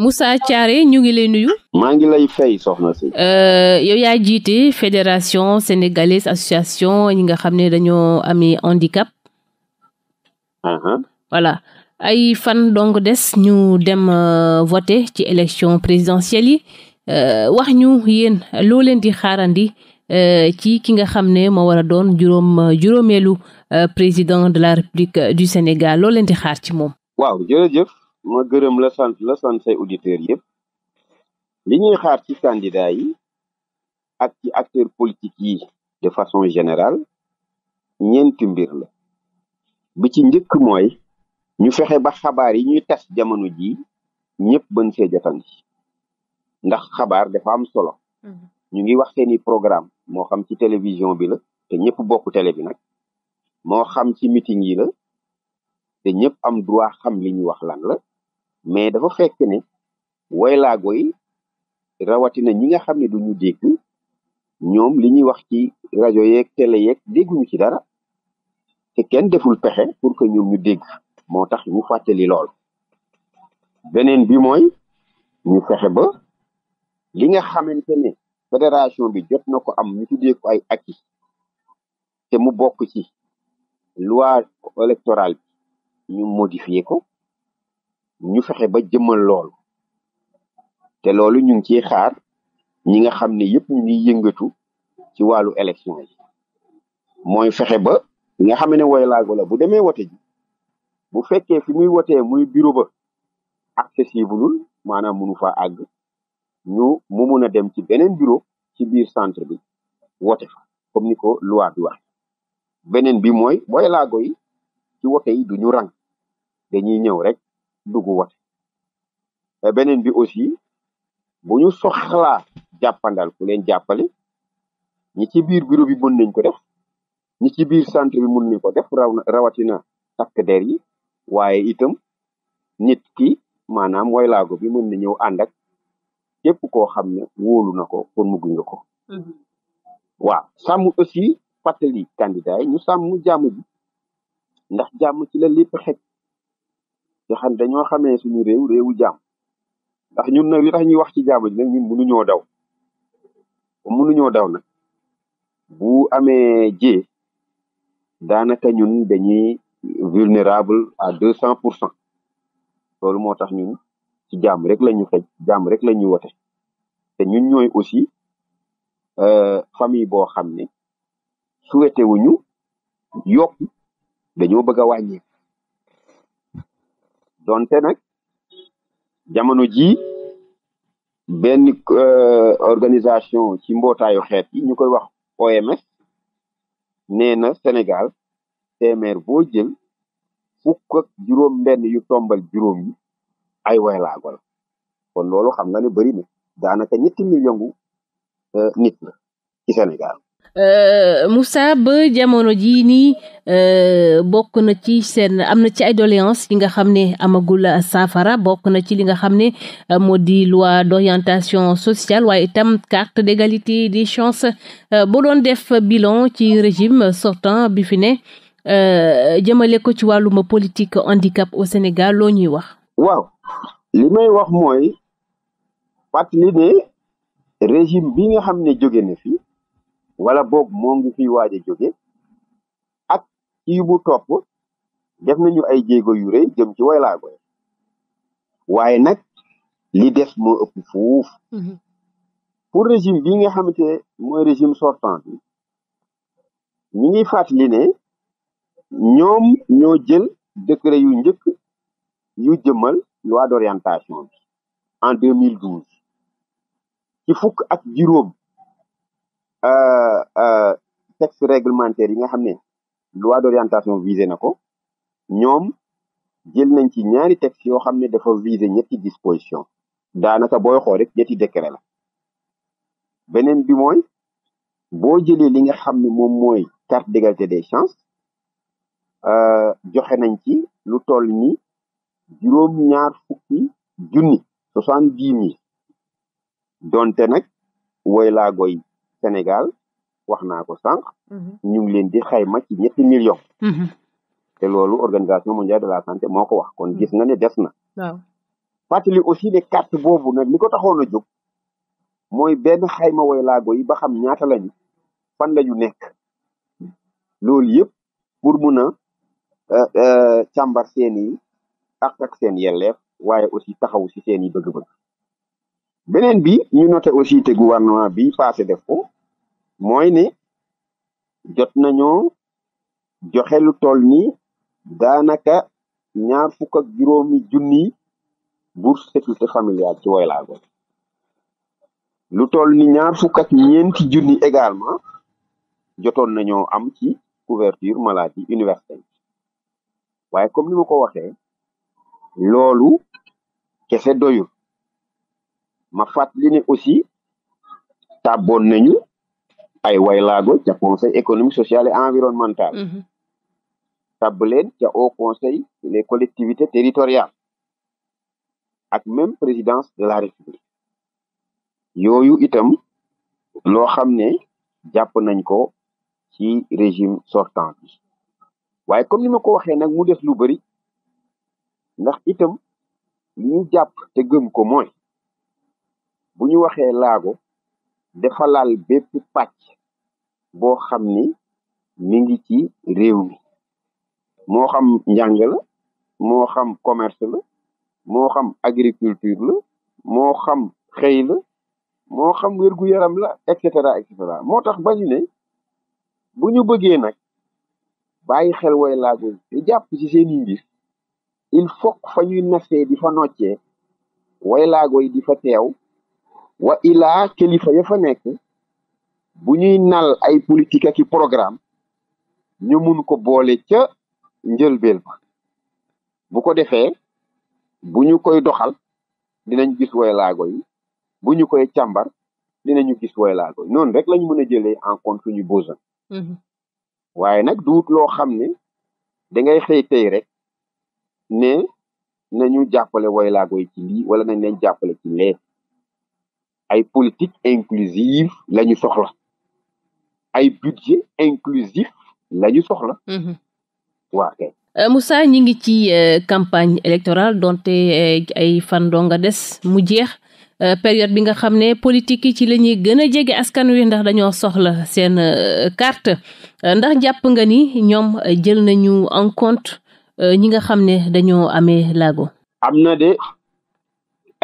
Moussa Thiaré ñu ngi lay nuyu. maa ngi lay fay soxna si. Euh, yow yaa jiite fédération sénégalaise association ñi nga xam ne dañoo amee handicap. Uh-huh. voilà ay fan donc des ñu dem euh, voter ci élection présidentielle yi euh, wax ñu yéen loo leen di xaarandi ci ki nga xam ne moo war a doon juróom juróomeelu président de la république du Sénégal loo leen di xaar ci moom. waaw jërëjëf. ma gërëm la sant la sant say auditeurs yëpp li ñuy xaar ci candidat yi ak ci acteurs politiques yi de façon générale ñeenti mbir la bi ci njëkk mooy ñu fexe ba xabaar yi ñuy tas jamono jii ñëpp bën see jotandi ndax xabaar dafa am solo mhm. ñu ngi wax seeni programme moo xam ci télévision bi la te ñëpp bokk télé bi nag moo xam ci meeting yi la te ñëpp am droit xam li ñu wax lan la mais dafa fekk ne waylaago yi rawatina ñi nga xam ne du duñu dégg ñoom li ñuy wax ci rajo yeeg télé yeeg dégguñu ci dara te kenn deful pexe pour que ñoom ñu dégg moo tax mu fàttali lool beneen bi mooy ñu fexe ba li nga xamante ne fédération bi jot na ko am ñu tuddee ko ay acquis te mu bokk ci loi électorale bi ñu modifier ko ñu fexe ba jëmmal loolu te loolu ñu ngi ciy xaar ñi nga xam ne yëpp ñu ngi yëngatu ci wàllu élection yi mooy fexe ba nga xam ne way laago la bu demee wote ji bu fekkee fi muy wotee muy bureau ba accessibleul maanaam mënu fa àgg ñu mu mun a dem ci beneen bureau ci biir centre bi wote fa comme ni ko loi bi wax beneen bi mooy way laago yi ci wote yi du ñu rang dañuy ñëw rek dugg wote e beneen bi aussi bu ñu soxlaa jàppandal ku leen jàppale ñi ci biir bureau bi mën nañ ko def ñi ci biir centre bi mën nañ ko def rawatina takk der yi waaye itam nit ki maanaam mooy laago bi mën na ñëw ànd ak képp koo xam ne wóolu na ko pour mu gunge ko mhm. waaw sàmm aussi fàttali candidat yi ñu sàmm jàmm bi ndax jàmm ci la lépp xej te xam dañoo xamee suñu réew réewu jaam ndax ñun nag li tax ñuy wax ci jaamu ji nag ñun mënuñoo daw mënuñoo daw nag bu amee jee daanaka ñun dañuy vulnérable à deux cent pour cent loolu moo tax ñun ci jàmm rek la ñu xëj jàmm rek la ñuy wote te ñun ñooy aussi euh, famille boo xam ne souhaité wuñu yokk dañoo bëgg a wàññeeku donte nag jamono ji benn euh, organisation ci mbootaayu xeet yi ñu koy wax OMS nee na Sénégal téeméer boo jël fukk ak juróom yu tombal juróom yi ay waylaago la kon loolu xam nga ne bëri na daanaka ñetti million euh, nit la ci Sénégal Euh, Moussa ba jamono jii nii euh, bokk na ci seen am na ci ay doléance yi nga xam ne amagul saafara bokk na ci li nga xam ne euh, moo di loi d'orientation sociale waaye itam carte d'égalité des chances boo doon def bilan ci régime sortant bi fi ne jëmale ko ci wàlluma politique handicap au Sénégal loo ñuy wax. waaw li may wax mooy fàttali régime bi nga xam ne jóge na fi. wala boog moo ngi fiy waaj jóge ak kii bu topp def nañu ay jéego yu rëy jëm ci way laago waaye nag li des moo ëpp fuuf mhm. pour régime bi nga xamante mooy régime sortant bi ñi ngi fàttali ne ñoom ñoo jël décret yu njëkk yu jëmal loi d'orientation bi en 2012 ci fukk ak juróom Euh, euh, texte réglementaire yi nga xam ne loi d'orientation visé na ko ñoom jël nañ ci ñaari texte yoo xam ne defa visé ñetti disposition daanaka booy xool rek ñetti décret la beneen bi mooy boo jëlee li nga xam ne moom mooy carte d'égalité des chances euh, joxe nañ ci lu toll ni juróom ñaar fukki junni soixante dix mille donte nag woy laa goy Sénégal wax naa ko sànq. Mhm. ñu ngi leen di xayma ci ñetti millions. Mhm. te loolu organisation mondiale de la santé moo ko wax kon mhm. gis nga ne des na. fàttali aussi ne carte boobu nag li ko taxoon a jóg mooy benn xayma way laago yi ba xam ñaata lañu fan lañu nekk loolu yëpp pour mun a euh, euh, càmbar seen i ak ak seen yelleef waaye aussi taxaw si seen i bëgg-bëgg. beneen bi ñu note aussi te gouvernement bi passé def ko. mooy ne jot nañoo joxe lu toll ni daanaka ñaar fukk ak juróomi junni bourse sécurité familiale ci Woylaago lu tol ni ñaar fukk ak ñeenti junni également jotoon nañoo am ci couverture maladie universelle waaye comme ni ko waxe loolu kese doyul ma fàttali ne aussi tàbboon nañu ay waylaago ca conseil économique social et environnemental mm-hmm. tabb leen ca haut conseil les collectivités territoriales ak même présidence de la république yooyu itam loo xam ne jàpp nañ ko ci régime sortant bi comme ni ma ko waxee nag mu def lu bari ndax itam li ñu jàpp te gëm ko mooy bu ñu waxee laago dafa laal bépp pàcc boo xam ni mi ngi ci réew mi moo xam njàng la moo xam commerce la moo xam agriculture la moo xam xëy la moo xam wér-gu-yaram la et cetera et moo tax bañ ne bu ñu bëggee nag bàyyi xel way laagoon te jàpp ci seeni mbir il faut fa ñuy nasee di fa noccee way laago yi di fa teew wa ilaa kilifa ya fa nekk bu ñuy nal ay politique ak programme ñu mun ko boole ca njëlbeel ba bu ko defee bu ñu koy doxal dinañ gis way laago yi bu ñu koy càmbar dinañu gis way laago yi noonu rek lañ mën a jëlee en compte suñu besoin mm-hmm. waaye nag duut loo xam ne dangay ngay xëy tey rek ne nañu jàppale way laago yi ci lii wala nañ leen jàppale ci lee ay politique inclusive la ñu soxla ay budget inclusif la ñu soxla mhm. waa euh, ñi ngi ci euh, campagne électorale donte euh, ay fan doo des mu jeex période bi nga xam ne politique yi ci lañuy ñuy gën a jege askan wi ndax dañoo soxla seen kart ndax jàpp nga ni ñoom jël nañu en compte ñi nga xam ne dañoo amee laago am na de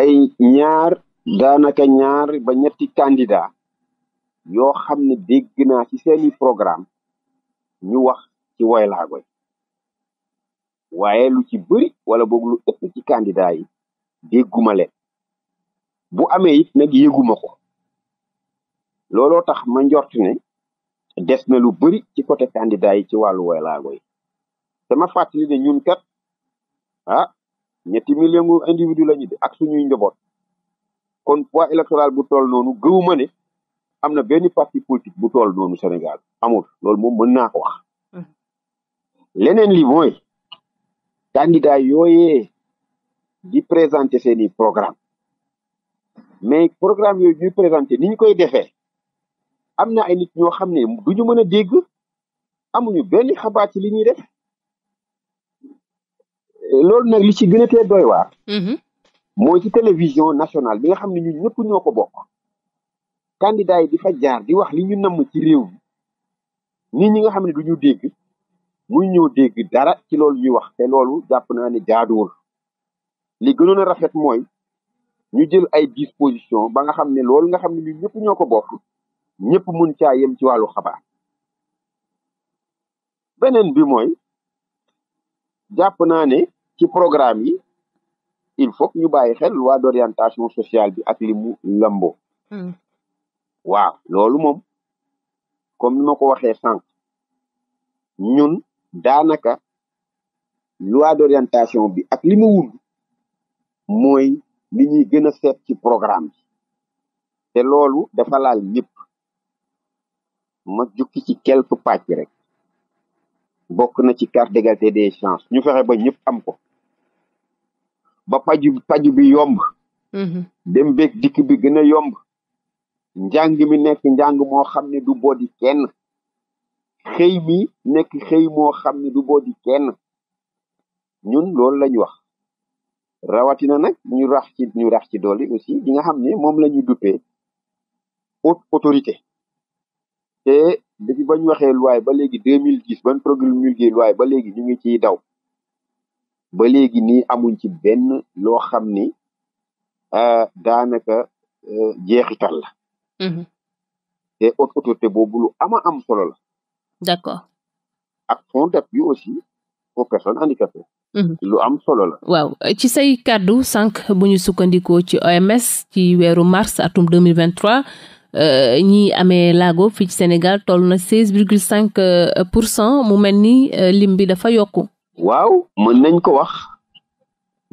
ay ñaar daanaka ñaar ba ñetti candidat yoo xam ne dégg naa ci seeni programme ñu wax ci woylaago waaye lu ci bëri wala boog lu ëpp ci candidat yi dégguma leen bu amee it nag yëguma ko looloo tax ma njort ne des na lu bari ci côté candidat yi ci wàllu woylaago yi dama fàttali ne ñun kat ah ñetti million individu lañu de ak suñuy njoboot kon poids électoral bu toll noonu gëwuma ne am na benn parti politique bu toll noonu Sénégal amul loolu moom mën naa ko wax hmm. leneen li mooy candidat yooyee di présenter seeni programme mais programme yooyu ñuy présenter ni koy defee am na ay nit ñoo xam ne du ñu mën a dégg amuñu benn xabaar ci li ñuy def loolu nag li ci gën a tee doy waar hmm. mooy ci télévision nationale bi nga xam ne ñu ñëpp ñoo ko bokk candidat yi di fa jaar di wax li ñu namm ci réew mi nit ñi nga xam ne du ñu dégg muy ñëw dégg dara ci loolu ñuy wax te loolu jàpp naa ne jaaduwul li gënoon a rafet mooy ñu jël ay disposition ba nga xam ne loolu nga xam ne ñun ñëpp ñoo ko bokk ñëpp mun caa yem ci wàllu xabaar beneen bi mooy jàpp naa ne ci programme yi il faut ñu bàyyi xel loi d'orientation sociale bi ak li mu lëmboo hmm. loolu moom comme ni ma ko waxee sànq ñun daanaka loi d'orientation bi ak li mu wul mooy li ñuy gën a seet ci programme bi te loolu dafa laal ñëpp ma jukki ci quelques pàcc rek bokk na ci carte d'égalité des chances ñu fexe ba ñëpp am ko ba paju paju bi yomb mm-hmm. dem beeg dikk bi gën a yomb njàng mi nekk njàng moo xam ne du boodi kenn xëy mi nekk xëy moo xam ne du boodi kenn ñun loolu lañ wax rawatina nag ñu rax ci ñu rax ci doole aussi di nga xam ne moom la ñu duppee haute autorité te depuis ba ñu waxee loi ba léegi deux mille dix ban promulgué loi ba léegi ñu ngi ciy daw ba léegi nii amuñ ci benn loo xam ni daanaka e, jeexital la. Mm-hmm. te autorité boobu lu ama am solo la. d'accord. ak fonds d'appui aussi mm-hmm. lu am solo la. waaw ci say kàddu cinq bu ñu sukkandikoo ci OMS ci weeru mars atum deux mille vingt trois e, ñi amee laago fii ci Sénégal toll na seize virgule cinq e, pour cent mu mel ni lim bi dafa yokku. waaw mën nañ ko wax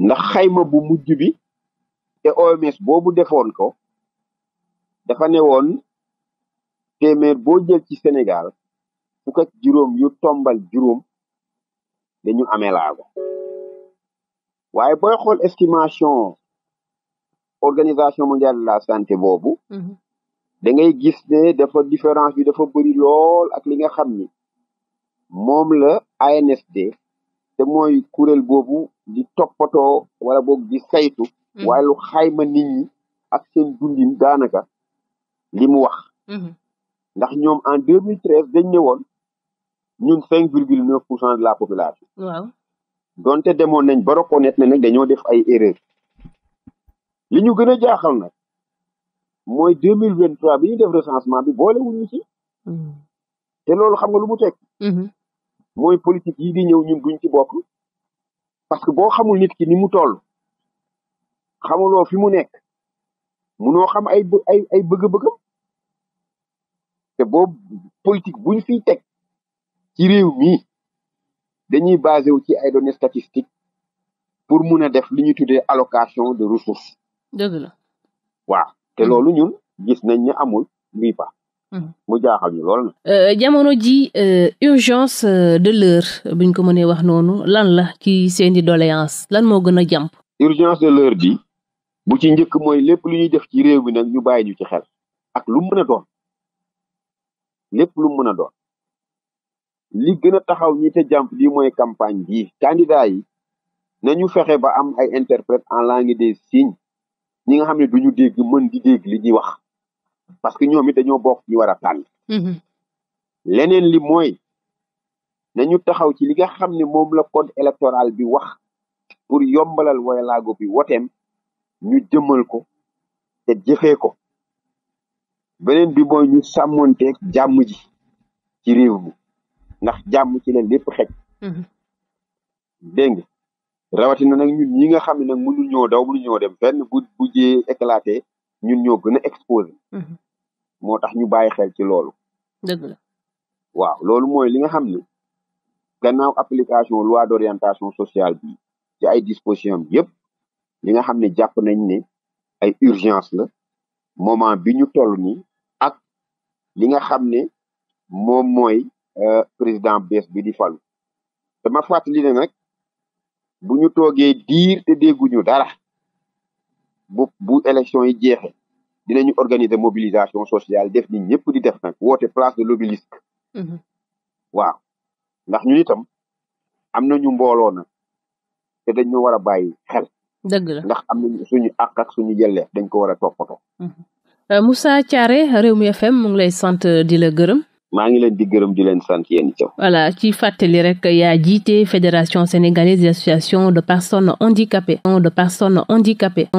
ndax xayma bu mujj bi te OMS boobu defoon ko dafa ne woon téeméer boo jël ci Sénégal fukk juróom yu tombal juróom dañu amee laago waaye booy xool estimation organisation mondiale de la santé boobu mhm. da ngay gis ne dafa différence bi dafa bëri lool ak li nga xam ni moom la ANSD te mooy kuréel boobu di toppatoo wala boog di saytu. Mm-hmm. waaye xayma nit ak seen dundin daanaka li mu wax. Mm-hmm. ndax ñoom en 2013 dañ ne woon ñun 5 virgule 9 pour cent de la population. donte demoon nañ ba reconnaître ne nag dañoo def ay erreur li ñu gën a jaaxal nag mooy 2023 bi ñu def recensement bi boolewuñu ci. Mm-hmm. te loolu xam nga lu mu teg. mooy politique yi di ñëw ñun duñ ci bokk parce que boo xamul nit ki ni mu toll xamuloo fi mu nekk munoo xam ay ay ay bëgg te boo politique buñ fiy teg ci réew mi dañuy basé wu ci ay données statistiques pour mun a def li ñu tuddee allocation de ressources. dëgg la waaw te loolu ñun gis nañ ni amul mbii Hmm. mu jaaxal ñu lool na euh, jamono ji euh, urgence euh, de l'heure buñ ko mënee wax noonu lan la ci seeni doléance lan moo gën a jàmp urgence de l'heure bi bu ci njëkk mooy lépp lu ñuy def ci réew mi nag ñu bàyyi ñu ci xel ak lu mën a doon lépp lu mën a doon li gën a taxaw ñi te jàmp di mooy campagne bii candidat yi ñu fexe ba am ay interprète en langue des signes ñi nga xam ne duñu dégg mën di dégg li ñuy wax parce que ñoomi dañoo bokk ñu war a tànn. Mm-hmm. leneen li mooy nañu taxaw ci li nga xam ne moom la code électoral bi wax pour yombalal woylaago bi woteem ñu jëmal ko te jëfee ko beneen bi mooy ñu sàmmonteeg jàmm ji ci réew mi ndax jàmm ci leen lépp xej mm-hmm. dégg nga rawatina nag ñu ñi nga xam ne nag mënuñoo daw mënuñoo dem fenn bu bu jee éclaté ñun ñoo gën a exposé. Mhm. moo tax ñu bàyyi xel ci loolu. dëgg la. waaw loolu mooy li nga xam ne gannaaw application loi d'orientation sociale bi ci ay disposition bi yëpp li nga xam ne jàpp nañ ne ay urgence la moment bi ñu toll nii ak li nga xam ne moom mooy euh, président bees bi di falu dama fàttali ne nag bu ñu toogee diir te dégguñu dara bu bu élection yi jeexee ñu organiser mobilisation sociale def ni ñëpp di def nag woote place de l'obélisque mhm. waaw ndax ñun itam am nañu mbooloo na te dañu war a bàyyi xel. la ndax am nañu suñu àq ak suñu yelleef dañ ko war a toppatoo. Mhm. Euh, Moussa Thiaré Rewmi FM mu ngi lay sant di la gërëm. maa ngi leen di gërëm di leen sant yéen itam. voilà ci fàttali rek yaa jiite fédération sénégalaise des associations de personnes handicapées. de personnes handicapées.